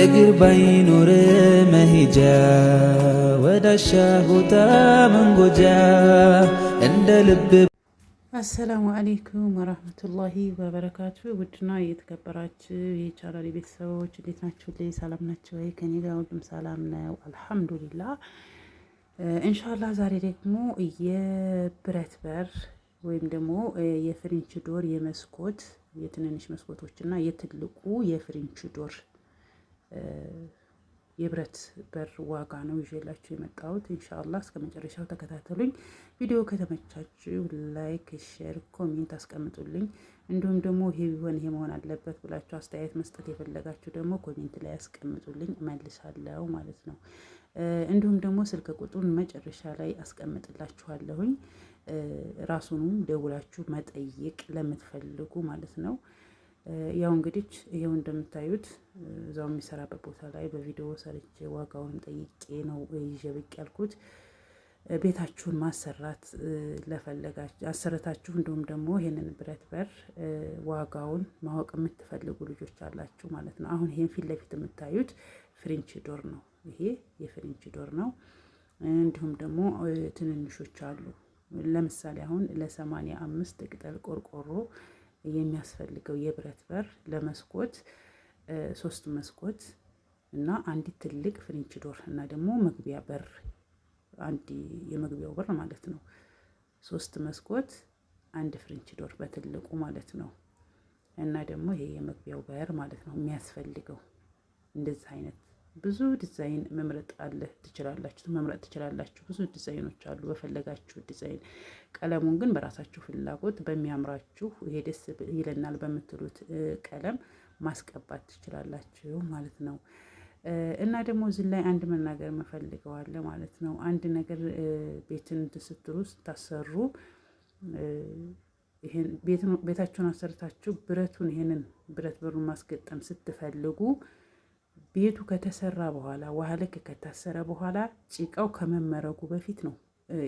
እግር ባይኖር መሄጃ ወዳሻ ቦታ መንጎጃ እንደ ልብ። አሰላሙ አሌይኩም ወረህመቱላሂ ወበረካቱ። ውድና የተከበራችሁ የቻናል ቤተሰቦች እንዴት ናችሁ? ላይ ሰላም ናቸው ወይ? ከኔ ጋር ሁሉም ሰላም ነው አልሐምዱሊላ። እንሻላ ዛሬ ደግሞ የብረት በር ወይም ደግሞ የፍሪንች ዶር የመስኮት የትንንሽ መስኮቶች እና የትልቁ የፍሪንች ዶር የብረት በር ዋጋ ነው ይዤላችሁ የመጣሁት። እንሻላ እስከ መጨረሻው ተከታተሉኝ። ቪዲዮ ከተመቻችሁ ላይክ፣ ሼር፣ ኮሜንት አስቀምጡልኝ። እንዲሁም ደግሞ ይሄ ቢሆን ይሄ መሆን አለበት ብላችሁ አስተያየት መስጠት የፈለጋችሁ ደግሞ ኮሜንት ላይ አስቀምጡልኝ፣ እመልሳለሁ ማለት ነው። እንዲሁም ደግሞ ስልክ ቁጥሩን መጨረሻ ላይ አስቀምጥላችኋለሁኝ። ራሱንም ደውላችሁ መጠየቅ ለምትፈልጉ ማለት ነው። ያው እንግዲህ ይሄው እንደምታዩት እዛው የሚሰራበት ቦታ ላይ በቪዲዮ ሰርቼ ዋጋውንም ጠይቄ ነው ይዤ ብቅ ያልኩት። ቤታችሁን ማሰራት ለፈለጋችሁ አሰረታችሁ፣ እንዲሁም ደግሞ ይህንን ብረት በር ዋጋውን ማወቅ የምትፈልጉ ልጆች አላችሁ ማለት ነው። አሁን ይህን ፊት ለፊት የምታዩት ፍሪንች ዶር ነው። ይሄ የፍሪንች ዶር ነው። እንዲሁም ደግሞ ትንንሾች አሉ። ለምሳሌ አሁን ለሰማንያ አምስት ቅጠል ቆርቆሮ የሚያስፈልገው የብረት በር ለመስኮት ሶስት መስኮት እና አንዲት ትልቅ ፍሬንች ዶር እና ደግሞ መግቢያ በር አንድ የመግቢያው በር ማለት ነው። ሶስት መስኮት አንድ ፍሬንች ዶር በትልቁ ማለት ነው። እና ደግሞ ይሄ የመግቢያው በር ማለት ነው የሚያስፈልገው እንደዚህ አይነት ብዙ ዲዛይን መምረጥ አለ ትችላላችሁ መምረጥ ትችላላችሁ። ብዙ ዲዛይኖች አሉ በፈለጋችሁ ዲዛይን። ቀለሙን ግን በራሳችሁ ፍላጎት በሚያምራችሁ ይሄ ደስ ይለናል በምትሉት ቀለም ማስቀባት ትችላላችሁ ማለት ነው። እና ደግሞ እዚህ ላይ አንድ መናገር መፈልገዋለ ማለት ነው። አንድ ነገር ቤትን ስትሉ ስታሰሩ ቤታችሁን አሰርታችሁ ብረቱን ይሄንን ብረት በሩን ማስገጠም ስትፈልጉ ቤቱ ከተሰራ በኋላ ውሃ ልክ ከታሰረ በኋላ ጭቃው ከመመረጉ በፊት ነው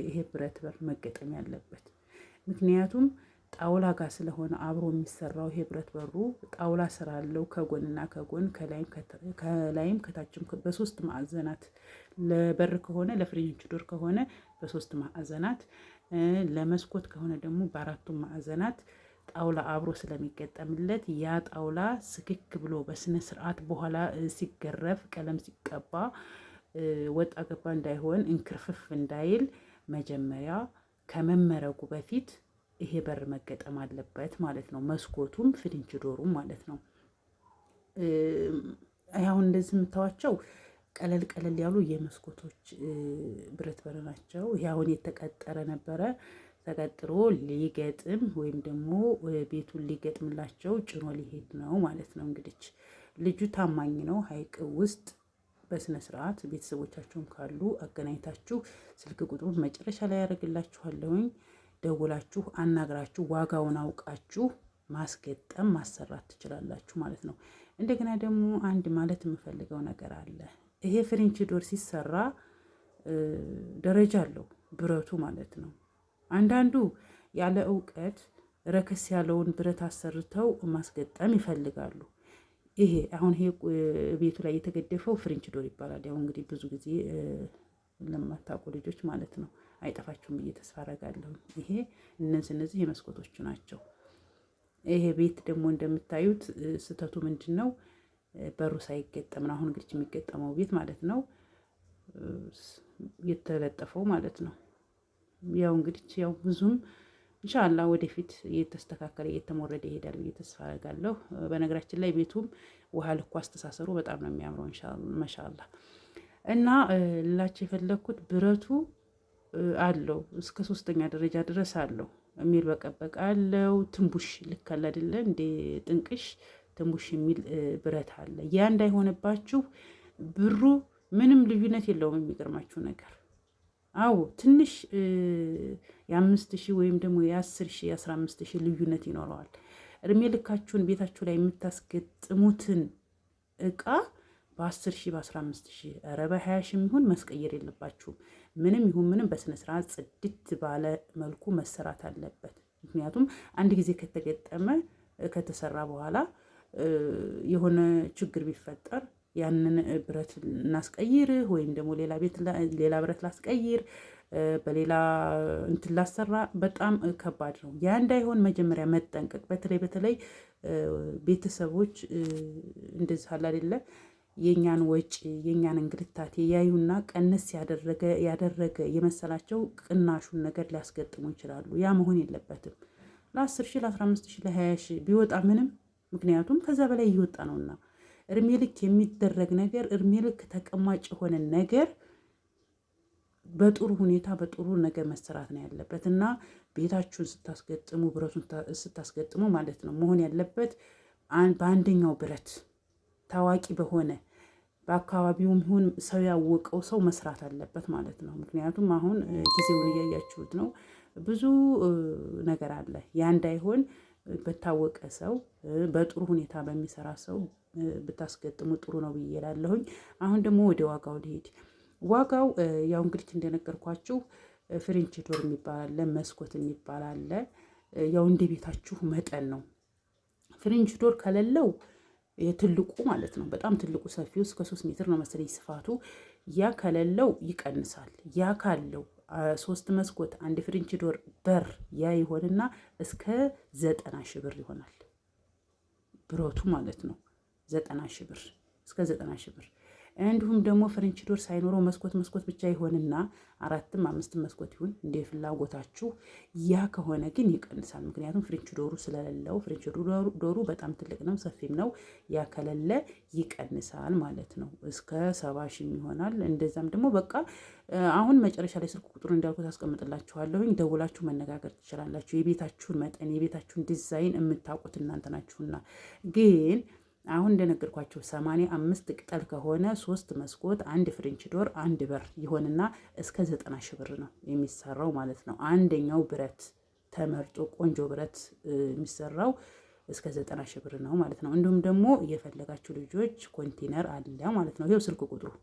ይሄ ብረት በር መገጠም ያለበት። ምክንያቱም ጣውላ ጋር ስለሆነ አብሮ የሚሰራው ይሄ ብረት በሩ ጣውላ ስራ አለው። ከጎንና ከጎን ከላይም ከታችም በሶስት ማዕዘናት ለበር ከሆነ ለፍሬንች ዶር ከሆነ በሶስት ማዕዘናት፣ ለመስኮት ከሆነ ደግሞ በአራቱም ማዕዘናት ጣውላ አብሮ ስለሚገጠምለት ያ ጣውላ ስክክ ብሎ በስነ ስርዓት በኋላ ሲገረፍ ቀለም ሲቀባ ወጣ ገባ እንዳይሆን እንክርፍፍ እንዳይል መጀመሪያ ከመመረጉ በፊት ይሄ በር መገጠም አለበት ማለት ነው። መስኮቱም ፍሪንጅ ዶሩም ማለት ነው። አሁን እንደዚህ የምታዋቸው ቀለል ቀለል ያሉ የመስኮቶች ብረት በር ናቸው። ይሄ አሁን የተቀጠረ ነበረ። ተቀጥሮ ሊገጥም ወይም ደግሞ ቤቱን ሊገጥምላቸው ጭኖ ሊሄድ ነው ማለት ነው። እንግዲች ልጁ ታማኝ ነው። ሀይቅ ውስጥ በስነ ስርዓት ቤተሰቦቻችሁም ካሉ አገናኝታችሁ ስልክ ቁጥሩን መጨረሻ ላይ ያደርግላችኋለሁኝ። ደውላችሁ አናግራችሁ ዋጋውን አውቃችሁ ማስገጠም ማሰራት ትችላላችሁ ማለት ነው። እንደገና ደግሞ አንድ ማለት የምፈልገው ነገር አለ። ይሄ ፍሬንች ዶር ሲሰራ ደረጃ አለው ብረቱ ማለት ነው። አንዳንዱ ያለ እውቀት ረከስ ያለውን ብረት አሰርተው ማስገጠም ይፈልጋሉ። ይሄ አሁን ይሄ ቤቱ ላይ የተገደፈው ፍሬንች ዶር ይባላል። ያው እንግዲህ ብዙ ጊዜ ለማታውቁ ልጆች ማለት ነው፣ አይጠፋችሁም ብዬ ተስፋ ይሄ እነዚህ እነዚህ የመስኮቶቹ ናቸው። ይሄ ቤት ደግሞ እንደምታዩት ስህተቱ ምንድን ነው? በሩ ሳይገጠም ነው። አሁን እንግዲህ የሚገጠመው ቤት ማለት ነው የተለጠፈው ማለት ነው። ያው እንግዲህ ያው ብዙም እንሻላ ወደፊት እየተስተካከለ እየተሞረደ ይሄዳል ብዬ ተስፋ አደርጋለሁ። በነገራችን ላይ ቤቱም ውሃ ልኮ አስተሳሰሩ በጣም ነው የሚያምረው መሻላ እና ላች የፈለግኩት ብረቱ አለው እስከ ሶስተኛ ደረጃ ድረስ አለው የሚል በቀበቅ አለው ትንቡሽ ልክ አይደለ እንደ ጥንቅሽ ትንቡሽ የሚል ብረት አለ። ያ እንዳይሆነባችሁ ብሩ ምንም ልዩነት የለውም። የሚገርማችሁ ነገር አዎ ትንሽ የአምስት ሺህ ወይም ደግሞ የአስር ሺህ የአስራ አምስት ሺህ ልዩነት ይኖረዋል። እድሜ ልካችሁን ቤታችሁ ላይ የምታስገጥሙትን እቃ በአስር ሺህ በአስራ አምስት ሺህ ኧረ በሀያ ሺህ የሚሆን መስቀየር የለባችሁም። ምንም ይሁን ምንም በስነስርዓት ጽድት ባለ መልኩ መሰራት አለበት። ምክንያቱም አንድ ጊዜ ከተገጠመ ከተሰራ በኋላ የሆነ ችግር ቢፈጠር ያንን ብረት እናስቀይር ወይም ደግሞ ሌላ ቤት ሌላ ብረት ላስቀይር በሌላ እንትን ላሰራ በጣም ከባድ ነው። ያ እንዳይሆን መጀመሪያ መጠንቀቅ። በተለይ በተለይ ቤተሰቦች እንደዚህ አለ አይደለ የእኛን ወጪ የእኛን እንግልታት የያዩና ቀነስ ያደረገ ያደረገ የመሰላቸው ቅናሹን ነገር ሊያስገጥሙ ይችላሉ። ያ መሆን የለበትም። ለ10 ሺህ ለ15 ሺህ ለ20 ሺህ ቢወጣ ምንም፣ ምክንያቱም ከዛ በላይ እየወጣ ነውና እድሜ ልክ የሚደረግ ነገር እድሜ ልክ ተቀማጭ የሆነ ነገር በጥሩ ሁኔታ በጥሩ ነገር መሰራት ነው ያለበት እና ቤታችሁን ስታስገጥሙ ብረቱን ስታስገጥሙ ማለት ነው መሆን ያለበት በአንደኛው ብረት ታዋቂ በሆነ በአካባቢውም ይሁን ሰው ያወቀው ሰው መስራት አለበት ማለት ነው። ምክንያቱም አሁን ጊዜውን እያያችሁት ነው። ብዙ ነገር አለ። ያ እንዳይሆን በታወቀ ሰው፣ በጥሩ ሁኔታ በሚሰራ ሰው ብታስገጥሙ ጥሩ ነው ብዬ ላለሁኝ። አሁን ደግሞ ወደ ዋጋው ልሄድ። ዋጋው ያው እንግዲህ እንደነገርኳችሁ ፍሬንች ዶር የሚባል አለ፣ መስኮት የሚባል አለ። ያው እንደ ቤታችሁ መጠን ነው። ፍሬንች ዶር ከሌለው የትልቁ ማለት ነው በጣም ትልቁ ሰፊው እስከ ሶስት ሜትር ነው መሰለኝ ስፋቱ። ያ ከሌለው ይቀንሳል። ያ ካለው ሶስት መስኮት አንድ ፍሬንች ዶር በር ያ ይሆንና እስከ ዘጠና ሺህ ብር ይሆናል ብረቱ ማለት ነው። ዘጠና ሺህ ብር እስከ ዘጠና ሺህ ብር እንዲሁም ደግሞ ፍሬንች ዶር ሳይኖረው መስኮት መስኮት ብቻ ይሆንና አራትም አምስትም መስኮት ይሁን እንደ ፍላጎታችሁ። ያ ከሆነ ግን ይቀንሳል። ምክንያቱም ፍሬንች ዶሩ ስለሌለው ፍሬንች ዶሩ በጣም ትልቅ ነው፣ ሰፊም ነው። ያ ከሌለ ይቀንሳል ማለት ነው። እስከ ሰባ ሺም ይሆናል። እንደዛም ደግሞ በቃ አሁን መጨረሻ ላይ ስልክ ቁጥሩ እንዳልኩት አስቀምጥላችኋለሁኝ። ደውላችሁ መነጋገር ትችላላችሁ። የቤታችሁን መጠን የቤታችሁን ዲዛይን የምታውቁት እናንተ ናችሁና ግን አሁን እንደነገርኳቸው 85 አምስት ቅጠል ከሆነ ሶስት መስኮት፣ አንድ ፍሬንች ዶር፣ አንድ በር ይሆንና እስከ 90 ሺህ ብር ነው የሚሰራው ማለት ነው። አንደኛው ብረት ተመርጦ ቆንጆ ብረት የሚሰራው እስከ ዘጠና ሺህ ብር ነው ማለት ነው። እንዲሁም ደግሞ የፈለጋችሁ ልጆች ኮንቴነር አለ ማለት ነው። ይኸው ስልክ ቁጥሩ